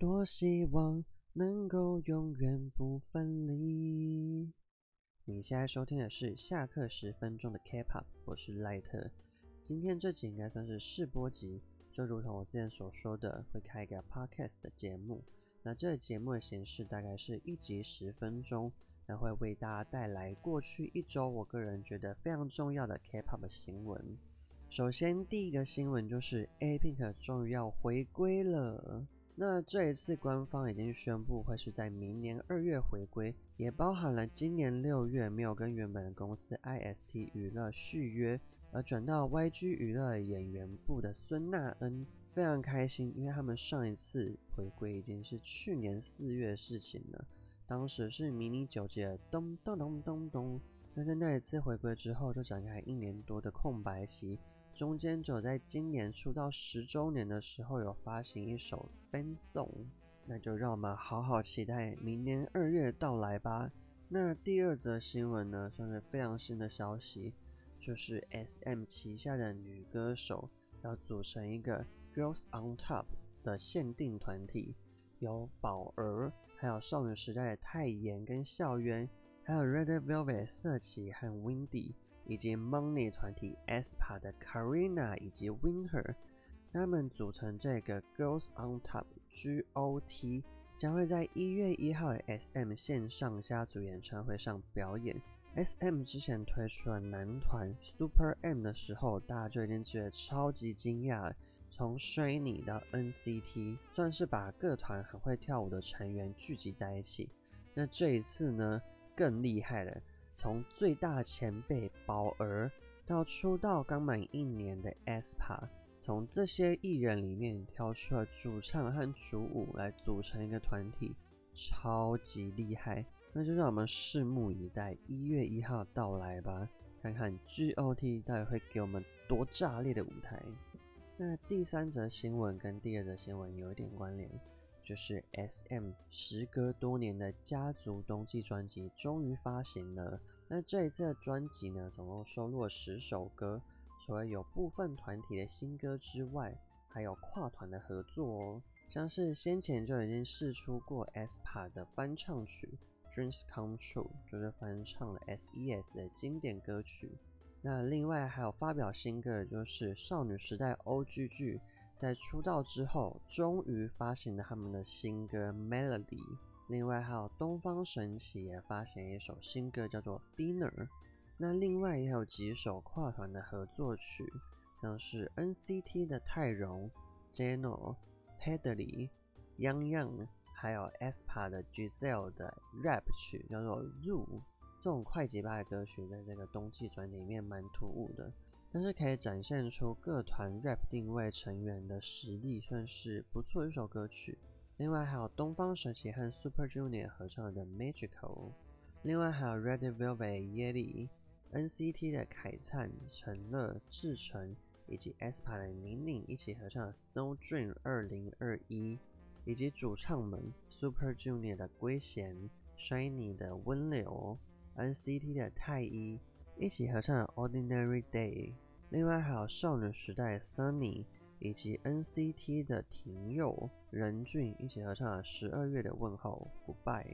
多希望能夠永遠不分離。你現在收聽的是下課十分鐘的 K-pop，我是賴特。今天這集應該算是試播集，就如同我之前所說的，會開一個 podcast 的節目。那這節目的形式大概是一集十分鐘，然後會為大家帶來過去一周我個人覺得非常重要的 K-pop 的新聞。首先，第一個新聞就是 APINK 終於要回歸了。那這一次官方已經宣布會是在明年二月回歸，也包含了今年六月沒有跟原本的公司 IST 娛樂續約而轉到 YG 娛樂演員部的孫娜恩，非常開心，因為他們上一次回歸已經是去年四月事情了，當時是迷你九輯咚咚咚咚咚咚，但在那一次回歸之後就展開一年多的空白期。中間者在今年出道十週年的時候有發行一首 Fan Song，那就讓我們好好期待明年二月到來吧。那第二則新聞呢，算是非常新的消息，就是 S.M. 旗下的女歌手要組成一個 Girls on Top 的限定團體，有寶兒，還有少女時代的泰妍跟孝淵，還有 Red Velvet 的瑟琪和 Wendy。以及 Money 團體 aespa 的 Karina 以及 Winter，他們組成這個 Girls on Top（GOT） 將會在一月一號 SM 線上家族演唱會上表演。SM 之前推出了男團 Super M 的時候，大家就已經覺得超級驚訝。從 SHINee 到 NCT，算是把各團很會跳舞的成員聚集在一起。那這一次呢，更厲害了。從最大的前輩寶兒到出道剛滿一年的 aespa，從這些藝人裡面挑出了主唱和主舞來組成一個團體，超級厲害。那就讓我們拭目以待，一月一號到來吧，看看 GOT 到底會給我們多炸裂的舞台。那第三則新聞跟第二則新聞有一點關聯。就是 SM 時隔多年的家族冬季專輯終於發行了。那這一次的專輯呢，總共收錄了十首歌，除了有部分團體的新歌之外，還有跨團的合作哦。像是先前就已經釋出過 aespa 的翻唱曲《Dreams Come True》，就是翻唱了 SES 的經典歌曲。那另外還有發表新歌，就是少女時代 Oh!GG。在出道之後，終於發行了他們的新歌《Melody》。另外，還有東方神起也發行了一首新歌，叫做《Dinner》。那另外也有幾首跨團的合作曲，像是 NCT 的泰容、Jeno、Hendery、Yangyang，還有 aespa 的 Giselle 的 rap 曲，叫做《Zoo》。這種快節拍的歌曲在這個冬季專輯裡面蠻突兀的。但是可以展現出各團 rap 定位成員的實力，算是不錯一首歌曲。另外還有東方神起和 Super Junior 合唱的 Magical，另外還有 Red Velvet 的 Yeri、NCT 的凱燦、辰樂、志晟以及 aespa 的寧寧一起合唱的 Snow Dream 二零二一，以及主唱們 Super Junior 的圭賢、SHINee 的溫流、NCT 的泰一。一起合唱《Ordinary Day》，另外還有少女時代 Sunny 以及 NCT 的廷佑、仁俊一起合唱了十二月的問候《Goodbye》，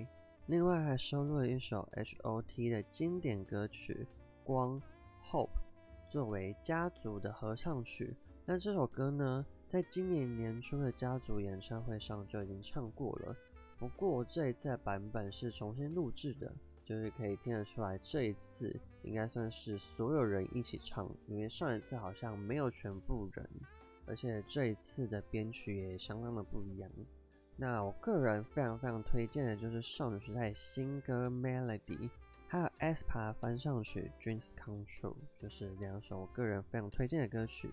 另外還收錄了一首 H.O.T 的經典歌曲《光》Hope 作為家族的合唱曲。但這首歌呢，在今年年初的家族演唱會上就已經唱過了，不過這一次的版本是重新錄製的。就是可以聽得出來，這一次應該算是所有人一起唱，因為上一次好像沒有全部人，而且這一次的編曲也相當的不一樣。那我個人非常非常推薦的就是少女時代新歌《Melody》，還有 aespa 翻唱曲《Dreams Come True》，就是兩首我個人非常推薦的歌曲。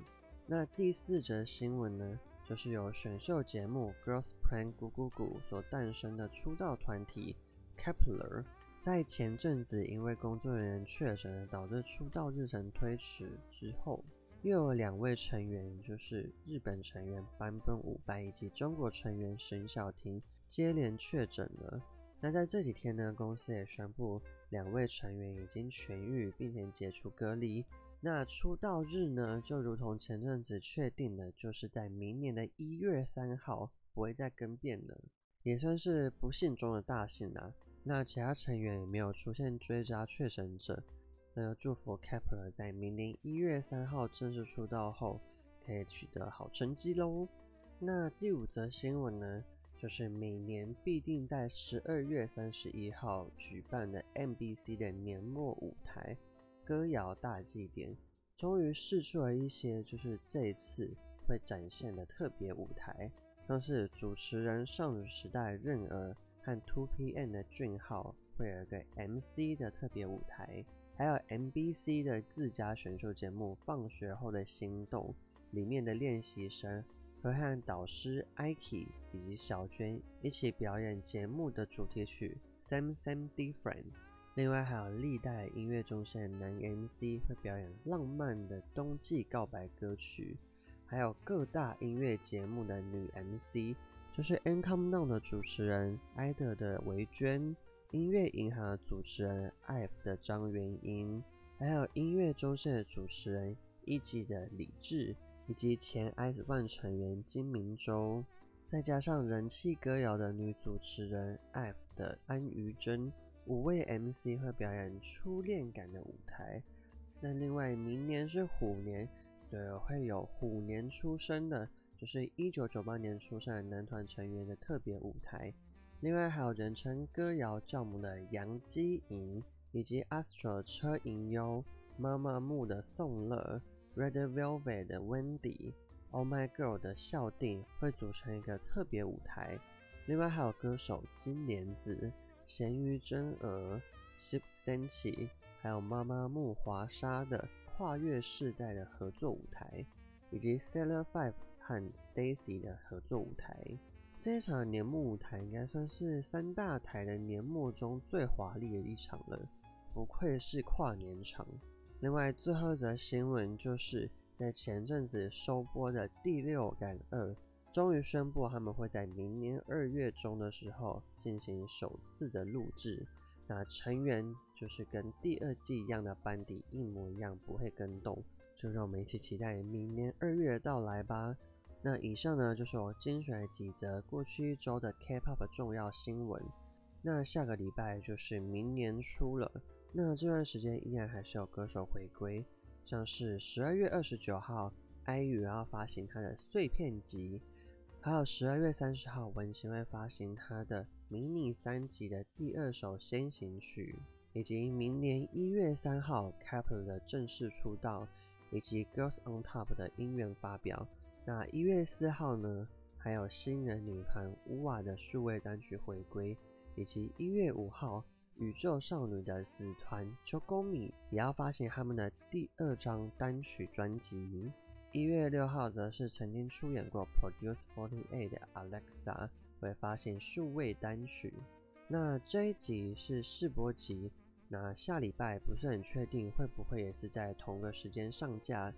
那第四則新聞呢，就是由選秀節目《Girls Planet 999》咕咕咕所誕生的出道團體 Kep1er。在前陣子，因為工作人員確診，導致出道日程推遲之後，又有兩位成員，就是日本成員坂本舞白以及中國成員沈小婷，接連確診了。那在這幾天呢，公司也宣布兩位成員已經痊癒，並且解除隔離。那出道日呢，就如同前陣子確定的，就是在明年的一月三號，不會再更變了，也算是不幸中的大幸啦、啊那其他成員也沒有出現追加確診者。那要祝福 Kep1er 在明年一月三號正式出道後可以取得好成績嘍。那第五則新聞呢，就是每年必定在十二月三十一號舉辦的 MBC 的年末舞台歌謠大祭典，終於釋出了一些就是這一次會展現的特別舞台，像是主持人少女時代允兒。和 2PM 的俊昊會有一個 MC 的特別舞台，還有 MBC 的自家選秀節目《放學後的心動》裡面的練習生和和導師 IKI 以及小娟一起表演節目的主題曲《Same Same Different》。另外，還有歷代音樂中心的男 MC 會表演浪漫的冬季告白歌曲，還有各大音樂節目的女 MC。就是《N c o m n o w n 的主持人 Ed 的維娟，《音樂銀行》的主持人 F 的張元英，還有《音樂周線的主持人 E.G 的李志，以及前 S 版成員金明周，再加上人氣歌謠的女主持人 F 的安於真，五位 MC 會表演《初戀感》的舞台。那另外，明年是虎年，所以會有虎年出生的。就是一九九八年出生的男團成員的特別舞台，另外還有人稱歌謠教母的楊基瑩，以及 Astro 車銀優、媽媽木的宋樂、Red Velvet 的 Wendy、Oh My Girl 的孝定會組成一個特別舞台。另外還有歌手金蓮子、鹹魚真兒、10CM，還有媽媽木華莎的跨越世代的合作舞台，以及 Celeb Five。和 Stacy 的合作舞台，這一場年末舞台應該算是三大台的年末中最華麗的一場了，不愧是跨年場。另外，最後一則的新聞就是在前陣子收播的《第六感二》終於宣布，他們會在明年二月中的時候進行首次的錄製，那成員就是跟第二季一樣的班底一模一樣，不會更動。就讓我們一起期待明年二月的到來吧。那以上呢，就是我精選的幾則過去一周的 K-pop 重要新聞。那下個禮拜就是明年初了。那這段時間依然還是有歌手回歸，像是十二月二十九號，IU 要發行他的碎片集，還有十二月三十號，文賢會發行他的迷你三輯的第二首先行曲，以及明年一月三號 Kep1er 的正式出道，以及 Girls on Top 的音樂發表。1 那一月四號呢，還有新人女團烏瓦的數位單曲回歸，以及一月五號宇宙少女的子團秋公米也要發行他們的第二張單曲專輯。一月六號則是曾經出演過 Produce 48的 Alexa 會發行數位單曲。那這一集是試播集，那下禮拜不是很確定會不會也是在同個時間上架，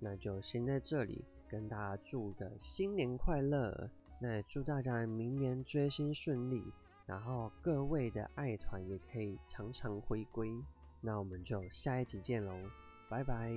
那就先在這裡。跟大家祝個新年快樂，那也祝大家明年追星順利，然後各位的愛團也可以常常回歸，那我們就下一集見嘍，拜拜。